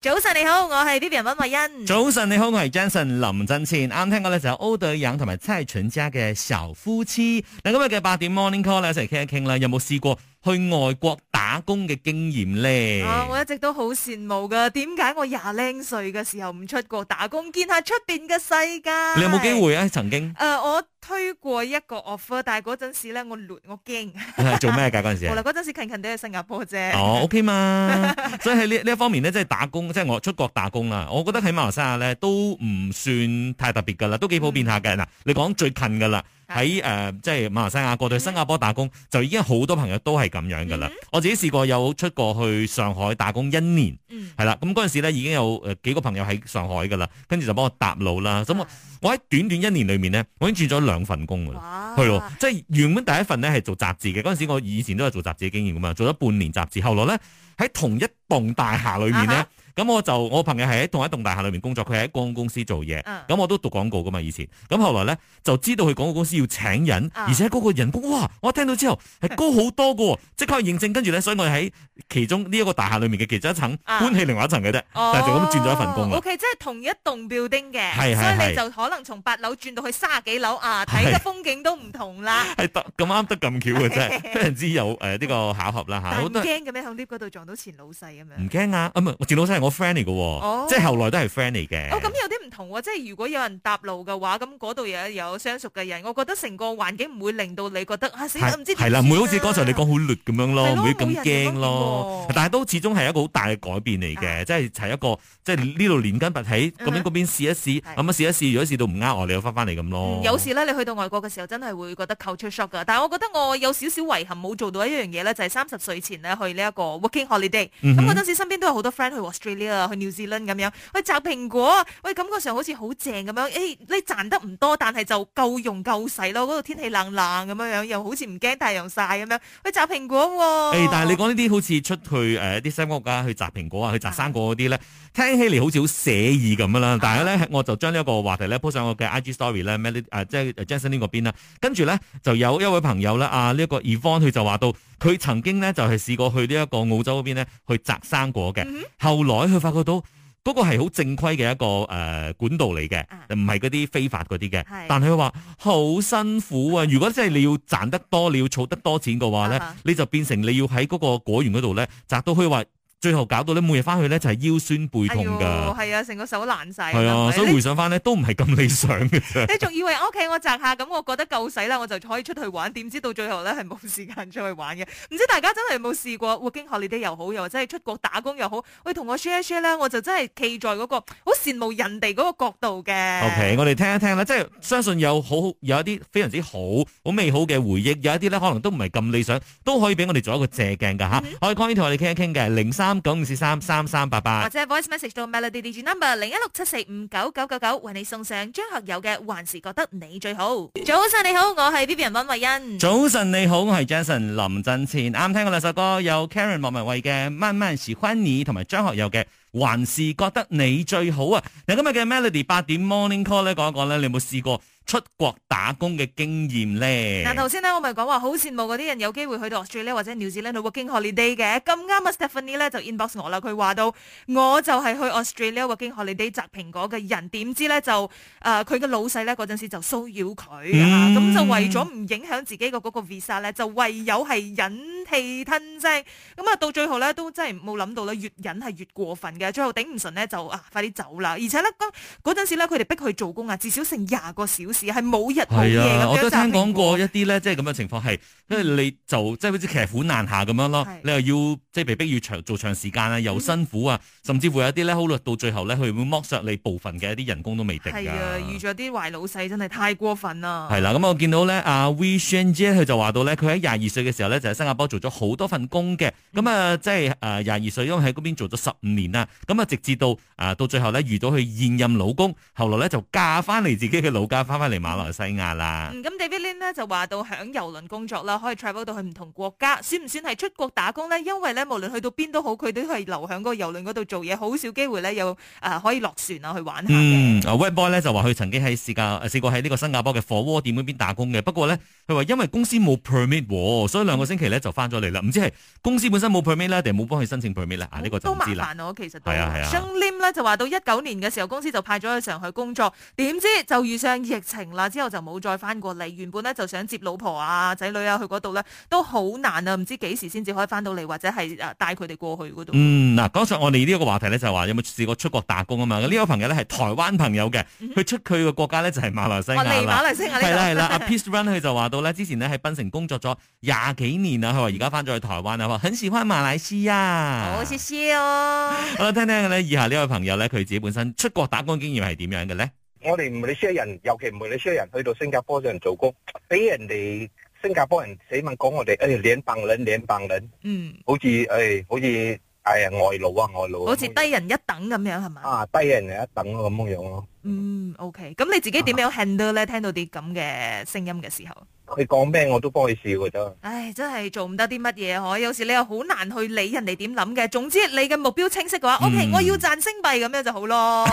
早晨你好，我係 B B 溫慧欣。早晨你好，我係 Jensen 林振倩。啱聽過咧就歐得洋同埋蔡淳佳嘅小夫妻。嗱，今日嘅八點 Morning Call 咧一齊傾一傾啦，有冇試過？去外國打工嘅經驗咧、啊，我一直都好羨慕噶。點解我廿零歲嘅時候唔出國打工，見下出邊嘅世界？你有冇機會啊？曾經？誒、呃，我推過一個 offer，但係嗰陣時咧，我亂，我驚、啊。你係做咩噶嗰陣時？嗱，嗰陣時近近哋去新加坡啫。哦，OK 嘛， 所以喺呢呢一方面咧，即係打工，即係我出國打工啦。我覺得喺馬來西亞咧都唔算太特別噶啦，都幾普遍下嘅。嗱、嗯，你講最近噶啦。喺誒、呃，即係馬來西亞過去新加坡打工，嗯、就已經好多朋友都係咁樣噶啦。嗯、我自己試過有出過去上海打工一年，係啦、嗯，咁嗰陣時咧已經有誒幾個朋友喺上海噶啦，跟住就幫我搭路啦。咁、嗯、我我喺短短一年裏面咧，我已經轉咗兩份工噶啦，係喎哇，即係原本第一份咧係做雜誌嘅，嗰陣時我以前都係做雜誌嘅經驗噶嘛，做咗半年雜誌，後來咧喺同一棟大廈裏面咧。啊。咁我就我朋友係喺同一棟大廈裏面工作，佢喺廣告公司做嘢。咁我都讀廣告噶嘛以前。咁後來咧就知道佢廣告公司要請人，而且嗰個人工哇，我聽到之後係高好多噶喎。即刻去認證，跟住咧，所以我喺其中呢一個大廈裏面嘅其中一層搬起另外一層嘅啫。但係就咁轉咗一份工。O K，即係同一棟 building 嘅，所以你就可能從八樓轉到去卅幾樓啊，睇嘅風景都唔同啦。係得咁啱得咁巧嘅啫，係，非常之有誒呢個巧合啦嚇。驚嘅咩？喺升降機嗰度撞到前老細咁樣？唔驚啊，啊唔，前老細 friend 嚟嘅，哦、即係後來都係 friend 嚟嘅。哦，咁有啲唔同，即係如果有人搭路嘅話，咁嗰度又有相熟嘅人，我覺得成個環境唔會令到你覺得吓、啊、死啦，唔是知係啦、啊，唔會好似剛才你講好劣咁樣咯，唔會咁驚咯。但係都始終係一個好大嘅改變嚟嘅，即係係一個即係呢度連根拔起，咁樣嗰邊試一試，咁啊試一試，如果試到唔啱我，你又翻翻嚟咁咯。有時咧，你去到外國嘅時候，真係會覺得 culture shock 㗎。但係我覺得我有少少遺憾，冇做到一樣嘢咧，就係三十歲前咧去呢一個 working holiday，嗯哼。咁嗰陣時身邊都有好多 friend 去去 New Zealand 咁樣，喂摘蘋果，喂感覺上好似好正咁樣，誒、欸、你賺得唔多，但係就夠用夠使咯。度、那個、天氣冷冷咁樣樣，又好似唔驚太陽曬咁樣，去摘蘋果、哦。誒、欸，但係你講呢啲好似出去誒啲西方國家去摘蘋果啊，去摘生果啲咧，啊、聽起嚟好似好寫意咁樣啦。啊、但係咧，我就將呢一個話題咧鋪上我嘅 IG story 咧咩啲誒，即係 Jasmine 嗰邊啦。跟住咧就有一位朋友咧，啊呢一個 Evan 佢就話到，佢曾經咧就係、是、試過去呢一個澳洲嗰邊咧去摘生果嘅，嗯、哼後來。佢發覺到嗰、那個係好正規嘅一個誒、呃、管道嚟嘅，唔係嗰啲非法嗰啲嘅。是的 但係佢話好辛苦啊！ 如果真係你要賺得多，你要儲得多錢嘅話咧，uh huh. 你就變成你要喺嗰個果園度咧摘到佢話。最後搞到你每日翻去咧就係腰酸背痛噶、哎，係啊，成個手爛晒，係啊，所以回想翻咧都唔係咁理想嘅你仲 以為 O、okay, K，我摘下咁，我覺得夠使啦，我就可以出去玩。點知到最後咧係冇時間出去玩嘅。唔知大家真係有冇試過，我經學你哋又好，又或者係出國打工又好，喂，同我 share share 咧，我就真係企在嗰個好羨慕人哋嗰個角度嘅。O、okay, K，我哋聽一聽啦，即係相信有好有一啲非常之好好美好嘅回憶，有一啲咧可能都唔係咁理想，都可以俾我哋做一個借鏡噶吓。可以同我哋傾一傾嘅零三。三九五四三三三八八，或者 voice message 到 melody D G number 零一六七四五九九九九，為你送上張學友嘅《還是覺得你最好》。早晨你好，我係 Vivian 溫慧欣。早晨你好，我係 Jason 林振前。啱聽過兩首歌，有 Karen 莫文蔚嘅《慢慢喜歡你》同埋張學友嘅《還是覺得你最好》啊！你今日嘅 melody 八點 morning call 咧，講一講咧，你有冇試過？出國打工嘅經驗咧，嗱頭先咧我咪講話好羨慕嗰啲人有機會去到 Australia 或者 New Zealand working holiday 嘅，咁啱啊 Stephanie 咧就 inbox 我啦，佢話到我就係去 Australia working holiday 摘蘋果嘅人，點知咧就誒佢嘅老細咧嗰陣時就騷擾佢啊，咁就為咗唔影響自己嘅嗰個 visa 咧，就唯有係忍。氣吞聲咁啊，到最後咧都真係冇諗到啦，越忍係越過分嘅，最後頂唔順咧就啊快啲走啦！而且咧嗰嗰陣時咧，佢哋逼佢做工啊，至少成廿個小時，係冇日冇夜咁樣。係啊，我都聽講過一啲咧，即係咁嘅情況係、啊，因為你就即係好似騎虎難下咁樣咯，啊、你又要即係被逼要長做長時間啊，又辛苦啊，嗯、甚至會有啲咧考慮到最後咧，佢會剝削你部分嘅一啲人工都未定㗎。係啊，遇咗啲壞老細真係太過分啦！係啦、啊，咁、嗯、我見到咧啊 v i a n j e 佢就話到咧，佢喺廿二歲嘅時候咧就喺新加坡做。做咗好多份工嘅，咁啊，即係誒廿二歲，因為喺嗰邊做咗十五年啦，咁啊，直至到啊到最後咧遇到佢現任老公，後來咧就嫁翻嚟自己嘅老家，翻翻嚟馬來西亞啦。咁、嗯、David Lin 呢就話到響遊輪工作啦，可以 travel 到去唔同國家，算唔算係出國打工呢？因為咧無論去到邊都好，佢都係留響個遊輪嗰度做嘢，好少機會咧有誒可以落、呃、船啊去玩下啊、嗯、Webboy 咧就話佢曾經喺試過試過喺呢個新加坡嘅火鍋店嗰邊打工嘅，不過呢，佢話因為公司冇 permit，所以兩個星期咧就翻。咗嚟啦，唔知係公司本身冇 permit 咧，定係冇幫佢申請 permit 咧、嗯？啊，呢個就唔知啦。都麻煩我，其實係啊係啊。Sheng Lim 咧就話到一九年嘅時候，公司就派咗去上海工作，點知就遇上疫情啦，之後就冇再翻過嚟。原本咧就想接老婆啊、仔女啊去嗰度咧，都好難啊，唔知幾時先至可以翻到嚟，或者係啊帶佢哋過去嗰度。嗯，嗱，講上我哋呢一個話題咧就係話有冇試過出國打工啊嘛？呢、這個朋友咧係台灣朋友嘅，佢、嗯、哼出佢嘅國家咧就係馬來西亞我嚟馬來西亞。係啦係啦，啊、這個、 Pierce Run 佢就話到咧，之前咧喺檳城工作咗廿幾年啦，佢話。而家翻咗去台灣啊，很喜歡馬來西亞，好少少。謝謝哦、好，聽聽咧，以下呢位朋友咧，佢自己本身出國打工經驗係點樣嘅咧？我哋馬來西亞人，尤其馬來西亞人去到新加坡上做工，俾人哋新加坡人成日講我哋誒、哎，聯邦人，聯邦人，邦人嗯，好似誒、哎，好似誒、哎、外勞啊，外勞、啊，好似低人一等咁樣，係咪啊，低人一等咁、啊、樣樣咯、啊。嗯，OK，咁你自己點樣 handle 咧？啊、聽到啲咁嘅聲音嘅時候？佢講咩我都幫佢笑嘅啫。唉，真係做唔得啲乜嘢可，有時你又好難去理人哋點諗嘅。總之你嘅目標清晰嘅話，O K，我要賺星幣咁樣就好咯。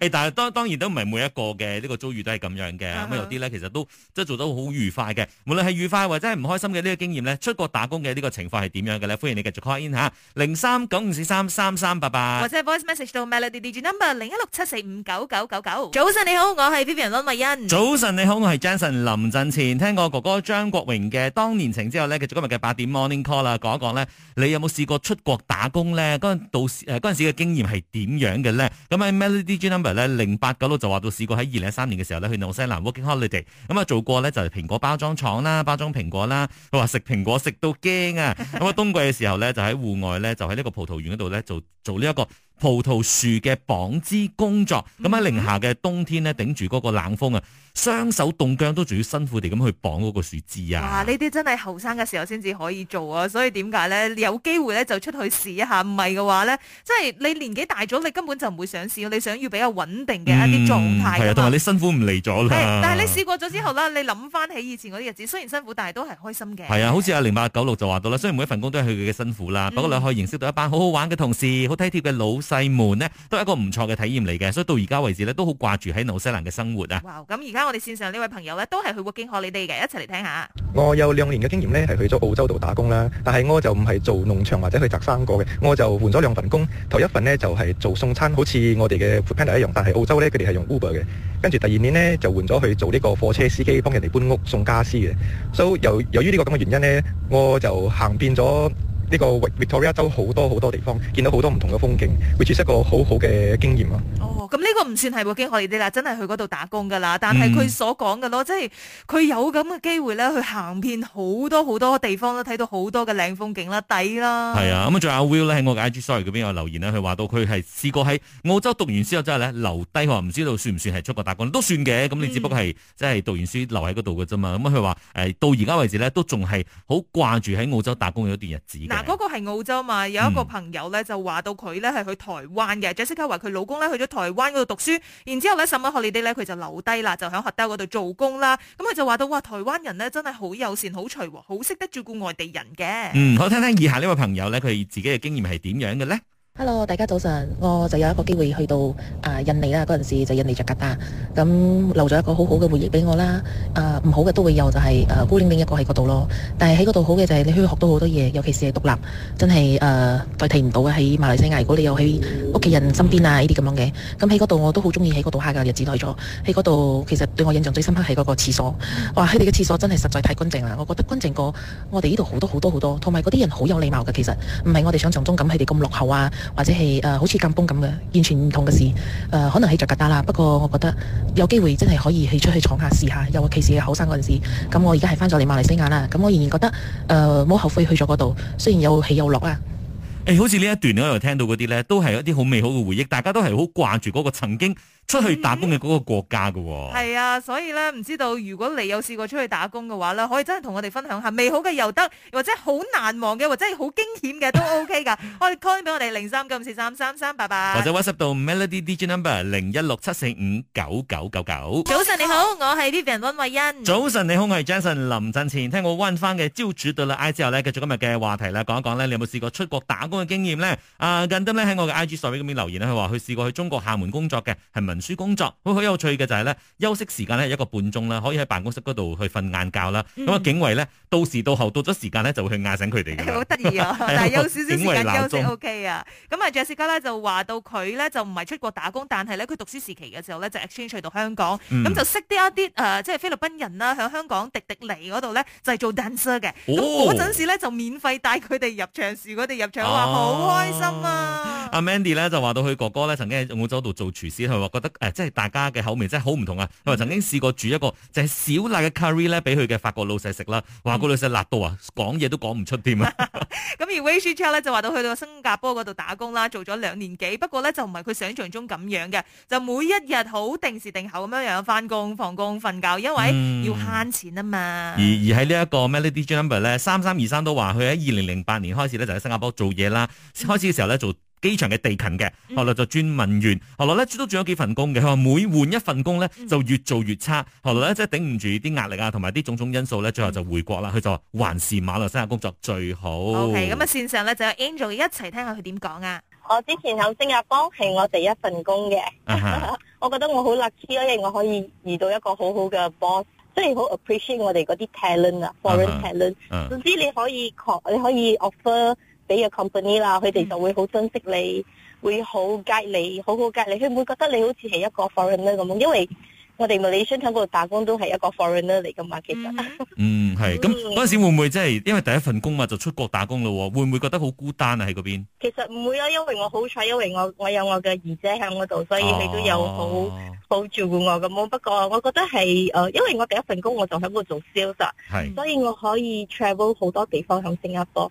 誒，但係當當然都唔係每一個嘅呢個遭遇都係咁樣嘅。咁啊，有啲咧其實都即係做得好愉快嘅。無論係愉快或者係唔開心嘅呢個經驗咧，出國打工嘅呢個情況係點樣嘅咧？歡迎你繼續 call in 吓，零三九五四三三三八八，或者 voice message 到 Melody Digital Number 零一六七四五九九九九。早晨你好，我係 Vivian 温慧欣。早晨你好，我係 Jason 林振。前聽過我哥哥張國榮嘅《當年情》之後咧，繼續今日嘅八點 Morning Call 啦，講一講咧，你有冇試過出國打工咧？嗰陣到誒嗰陣時嘅經驗係點樣嘅咧？咁喺 Melody D Number 咧，零八九六就話到試過喺二零一三年嘅時候咧，去紐西蘭 Working Holiday，咁啊做過咧就係蘋果包裝廠啦，包裝蘋果啦，佢話食蘋果食到驚啊！咁啊，冬季嘅時候咧就喺戶外咧就喺呢個葡萄園嗰度咧做做呢一個葡萄樹嘅綁枝工作，咁喺零下嘅冬天咧頂住嗰個冷風啊！雙手凍僵都仲要辛苦地咁去綁嗰個樹枝啊！哇！呢啲真係後生嘅時候先至可以做啊！所以點解咧？有機會咧就出去試一下，唔係嘅話咧，即係你年紀大咗，你根本就唔會想試。你想要比較穩定嘅一啲狀態。係啊，同埋你辛苦唔嚟咗啦！係，但係你試過咗之後啦，你諗翻起以前嗰啲日子，雖然辛苦，但係都係開心嘅。係啊，好似阿零八九六就話到啦，雖然每一份工都係佢嘅辛苦啦，不過你可以認識到一班好好玩嘅同事、好體貼嘅老細們咧，都係一個唔錯嘅體驗嚟嘅。所以到而家為止咧，都好掛住喺紐西蘭嘅生活啊！哇！咁而家。我哋線上呢位朋友咧，都係去過京荷你哋嘅，一齊嚟聽下。我有兩年嘅經驗咧，係去咗澳洲度打工啦。但係我就唔係做農場或者去摘生果嘅，我就換咗兩份工。頭一份咧就係、是、做送餐，好似我哋嘅 Food Panda 一樣，但係澳洲咧佢哋係用 Uber 嘅。跟住第二年咧就換咗去做呢個貨車司機，幫人哋搬屋送家私嘅。所、so, 以由由於呢個咁嘅原因咧，我就行遍咗，呢個 Victoria 州好多好多地方，見到好多唔同嘅風景，會取得一個好好嘅經驗啊！哦，咁呢個唔算係喎，驚可以啲啦，真係去嗰度打工㗎啦。但係佢所講嘅咯，嗯、即係佢有咁嘅機會咧，去行遍好多好多地方都睇到好多嘅靚風景啦，抵啦。係啊，咁仲有阿 Will 咧喺我嘅 IG sorry 嗰邊有留言咧，佢話到佢係試過喺澳洲讀完書之後咧留低，佢唔知道算唔算係出國打工，都算嘅。咁、嗯、你只不過係即係讀完書留喺嗰度㗎啫嘛。咁佢話誒到而家為止咧都仲係好掛住喺澳洲打工一段日子。嗱，嗰、啊那個係澳洲嘛，有一個朋友咧就話到佢咧係去台灣嘅，Jessica 話佢老公咧去咗台灣嗰度讀書，然之後咧甚麼 holiday 咧佢就留低啦，就喺 hotel 嗰度做工啦。咁、嗯、佢就話到哇，台灣人咧真係好友善、好隨和、好識得照顧外地人嘅。嗯，好，聽聽以下呢位朋友咧，佢自己嘅經驗係點樣嘅咧？hello，大家早晨，我就有一個機會去到、啊、印尼啦，嗰陣時就印尼雅加達，咁留咗一個好、啊、好嘅回憶俾我啦。唔好嘅都會有，就係、是呃、孤零零一個喺嗰度咯。但係喺嗰度好嘅就係你可以學到好多嘢，尤其是係獨立，真係、呃、代替唔到嘅喺馬來西亞。如果你有喺屋企人身邊啊呢啲咁樣嘅，咁喺嗰度我都好中意喺嗰度下嘅日子耐咗。喺嗰度其實對我印象最深刻係嗰個廁所，哇！佢哋嘅廁所真係實在太乾淨啦，我覺得乾淨過我哋呢度好多好多好多，多，同埋嗰啲人好有禮貌嘅，其實唔係我哋想像中咁佢哋咁落後啊。或者係誒、呃、好似金峯咁嘅，完全唔同嘅事。誒、呃、可能係着疙瘩啦，不過我覺得有機會真係可以起出去闖下試下。尤其是後生嗰陣時，咁我而家係翻咗嚟馬來西亞啦。咁我仍然覺得誒冇、呃、後悔去咗嗰度，雖然有起有落啊。誒、欸、好似呢一段我又聽到嗰啲咧，都係一啲好美好嘅回憶，大家都係好掛住嗰個曾經。出去打工嘅嗰個國家㗎喎，係啊，所以咧唔知道，如果你有試過出去打工嘅話咧，可以真係同我哋分享下，美好嘅又得，或者好難忘嘅，或者係好驚險嘅都 O K 噶，可以 call 俾我哋零三九五四三三三，拜拜。或者 WhatsApp 到 Melody DJ Number 零一六七四五九九九九。早晨你好，我係 Living 溫慧欣。早晨你好，我係 Jason 林振前。聽我問翻嘅招主對啦 I 之後咧，繼續今日嘅話題啦，講一講咧，你有冇試過出國打工嘅經驗咧？啊，近啲咧喺我嘅 IG 上面留言咧，佢話佢試過去中國廈門工作嘅係民。文書工作，好好有趣嘅就係咧，休息時間咧一個半鐘啦，可以喺辦公室嗰度去瞓晏覺啦。咁啊、嗯，警衛咧到時到後到咗時間咧就會去嗌醒佢哋嘅。好得意啊！但係有少少時間休息，O K 啊。咁啊 Jes、嗯、sica 咧就話到佢咧就唔係出國打工，但係咧佢讀書時期嘅時候咧就 exchange 到香港，咁就識啲一啲誒，即係菲律賓人啦，響香港迪迪尼嗰度咧就係做 dancer 嘅。咁嗰陣時咧就免費帶佢哋入場，佢哋入場嘅話好開心啊。阿、啊、Mandy 咧就話到佢哥哥咧曾經喺澳洲度做廚師，佢話覺得。誒、呃，即係大家嘅口味真係好唔同啊！佢話、嗯、曾經試過煮一個就係、是、少辣嘅咖喱咧，俾佢嘅法國老細食啦。話個老細辣到啊，講嘢都講唔出添。咁、嗯、 而 w a c h e l 咧就話到去到新加坡嗰度打工啦，做咗兩年幾。不過咧就唔係佢想象中咁樣嘅，就每一日好定時定候咁樣又翻工、放工、瞓覺，因為要慳錢啊嘛。嗯、而而喺呢一個 Melody Jumper 咧，三三二三都話佢喺二零零八年開始咧就喺新加坡做嘢啦。嗯、開始嘅時候咧做機場嘅地勤嘅，後來就轉文員，後來咧都做咗幾份工嘅。佢話每換一份工咧、嗯、就越做越差，後來咧即係頂唔住啲壓力啊，同埋啲種種因素咧，最後就回國啦。佢、嗯、就話還是馬來西亞工作最好。OK，咁啊線上咧就有 Angel 一齊聽下佢點講啊。我之前喺新加坡係我第一份工嘅，uh huh. 我覺得我好 lucky 因為我可以遇到一個很好好嘅 boss，即係好 appreciate 我哋嗰啲 talent 啊，foreign talent，、uh huh. 總之你可以確，你可以 offer。俾個 company 啦，佢哋就會好珍惜你，嗯、會好隔你，好好隔你。佢唔會覺得你好似係一個 foreigner 咁，因為我哋馬來西亞嗰度打工都係一個 foreigner 嚟噶嘛，其實。嗯，係、 嗯。咁嗰陣時會唔會即係因為第一份工嘛，就出國打工咯？會唔會覺得好孤單啊？喺嗰邊。其實唔會啊，因為我好彩，因為我我有我嘅二姐喺我度，所以佢都有好好照顧我咁。不過我覺得係誒、呃，因為我第一份工我就喺度做 sales，是所以我可以 travel 好多地方喺新加坡。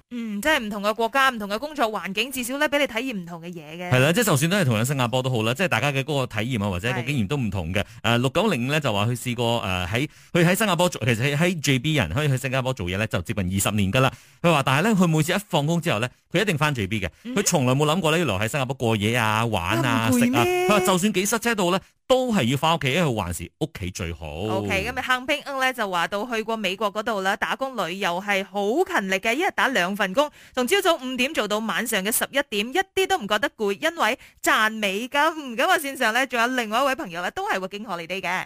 嗯，即係唔同嘅國家，唔同嘅工作環境，至少咧俾你體驗唔同嘅嘢嘅。係啦，即係就算都係同樣新加坡都好啦，即係大家嘅嗰個體驗啊，或者個經驗都唔同嘅。誒的，六九零咧就話佢試過誒喺佢喺新加坡做，其實喺 J B 人可以去新加坡做嘢咧就接近二十年噶啦。佢話但係咧佢每次一放工之後咧，佢一定翻 J B 嘅，佢從、嗯、哼來冇諗過呢，要留喺新加坡過夜啊、玩啊、食啊。佢話就算幾塞車到咧。都係要返屋企，因為還是屋企最好。OK，咁啊，坑兵咧就話到去過美國嗰度啦，打工旅遊係好勤力嘅，一日打兩份工，從朝早五點做到晚上嘅十一點，一啲都唔覺得攰，因為賺美金。咁啊，線上咧仲有另外一位朋友咧，都係會經賀你哋嘅。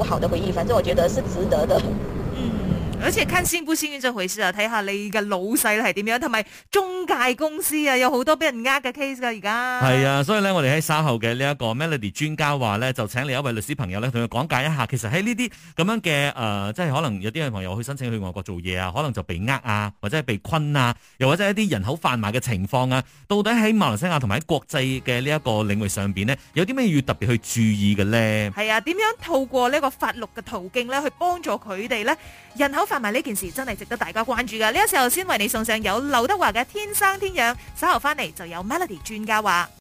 不好的回憶，反正我覺得是值得的。好似係坑先富先院，一回事啊！睇下你嘅老細係點樣，同埋中介公司啊，有好多俾人呃嘅 case 噶而家。係啊，所以咧，我哋喺稍後嘅呢一個 Melody 專家話咧，就請你一位律師朋友咧，同佢講解一下。其實喺呢啲咁樣嘅誒、呃，即係可能有啲嘅朋友去申請去外國做嘢啊，可能就被呃啊，或者係被困啊，又或者一啲人口販賣嘅情況啊，到底喺馬來西亞同埋喺國際嘅呢一個領域上邊咧，有啲咩要特別去注意嘅咧？係啊，點樣透過呢個法律嘅途徑咧，去幫助佢哋咧？人口話埋呢件事真係值得大家關注噶，呢個時候先為你送上有劉德華嘅《天生天養》，稍後翻嚟就有 Melody 專家話。